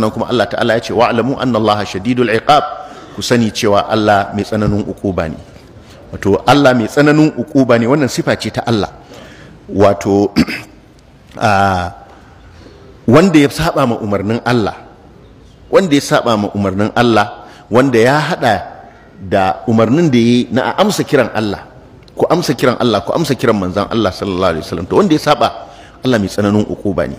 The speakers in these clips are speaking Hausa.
sannan kuma Allah ta'ala ya ce wa'lamu anna Allah shadidul iqab ku sani cewa Allah mai tsananin ukuba ne wato Allah mai tsananin ukuba ne wannan sifa ce ta Allah wato ah, wanda ya saba ma umarnin Allah wanda ya saba ma umarnin Allah wanda ya hada da umarnin da yi na a amsa kiran Allah ku amsa kiran Allah ku amsa kiran manzan Allah sallallahu alaihi wasallam to wanda ya saba Allah mai tsananin ukuba ne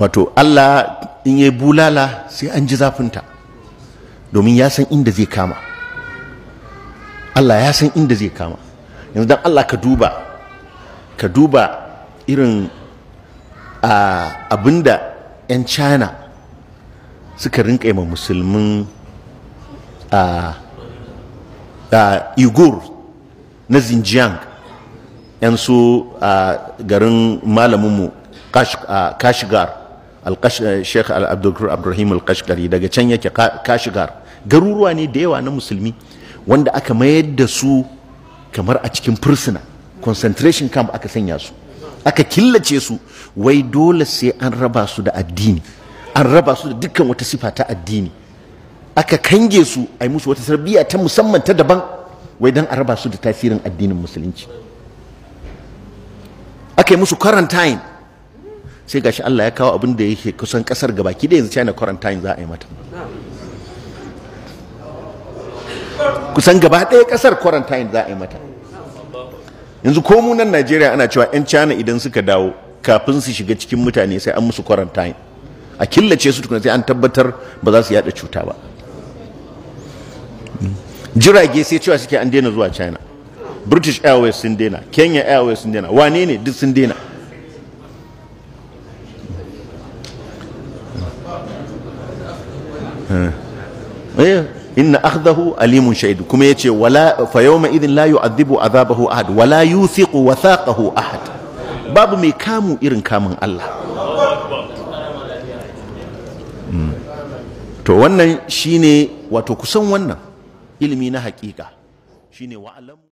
wato Allah in ya bulala sai an ji zafinta domin ya san inda zai kama Allah ya san inda zai kama yanzu dan Allah ka duba ka duba irin abinda 'yan china suka rinka yi ma musulmin a igor na xinjiang 'yan su garin malaminmu kashigar Eh, sheikh abdulrahim al daga can yake kashigar garuruwa ne da yawa na musulmi wanda aka mayar da su kamar a cikin fursuna concentration camp aka sanya su aka killace su wai dole sai an raba su da addini an raba su da dukkan wata sifa ta addini aka kange su a yi musu wata sarbiya ta musamman ta daban wai don a raba su da tasirin addinin musulunci aka yi musu quarantine sai gashi Allah ya kawo abin da yake kusan kasar gabaki da yanzu China quarantine za a yi mata kusan gaba ɗaya kasar quarantine za a yi mata yanzu ko mu nan Najeriya ana cewa yan China idan suka dawo kafin su shiga cikin mutane sai an musu quarantine a killace su tukuna sai an tabbatar ba za su yada cuta ba jirage sai cewa suke an daina zuwa China British Airways sun daina Kenya Airways sun daina wane ne duk sun daina Eh, inna akhdahu alimun shaidu kuma yace wala fa yawma idhin la yu'adhibu adhabahu ahad wala yuthiqu wathaqahu ahad babu mai kamu irin kamun Allah hmm. to wannan shine wato kusan wannan ilimi na hakika shine wa'alamu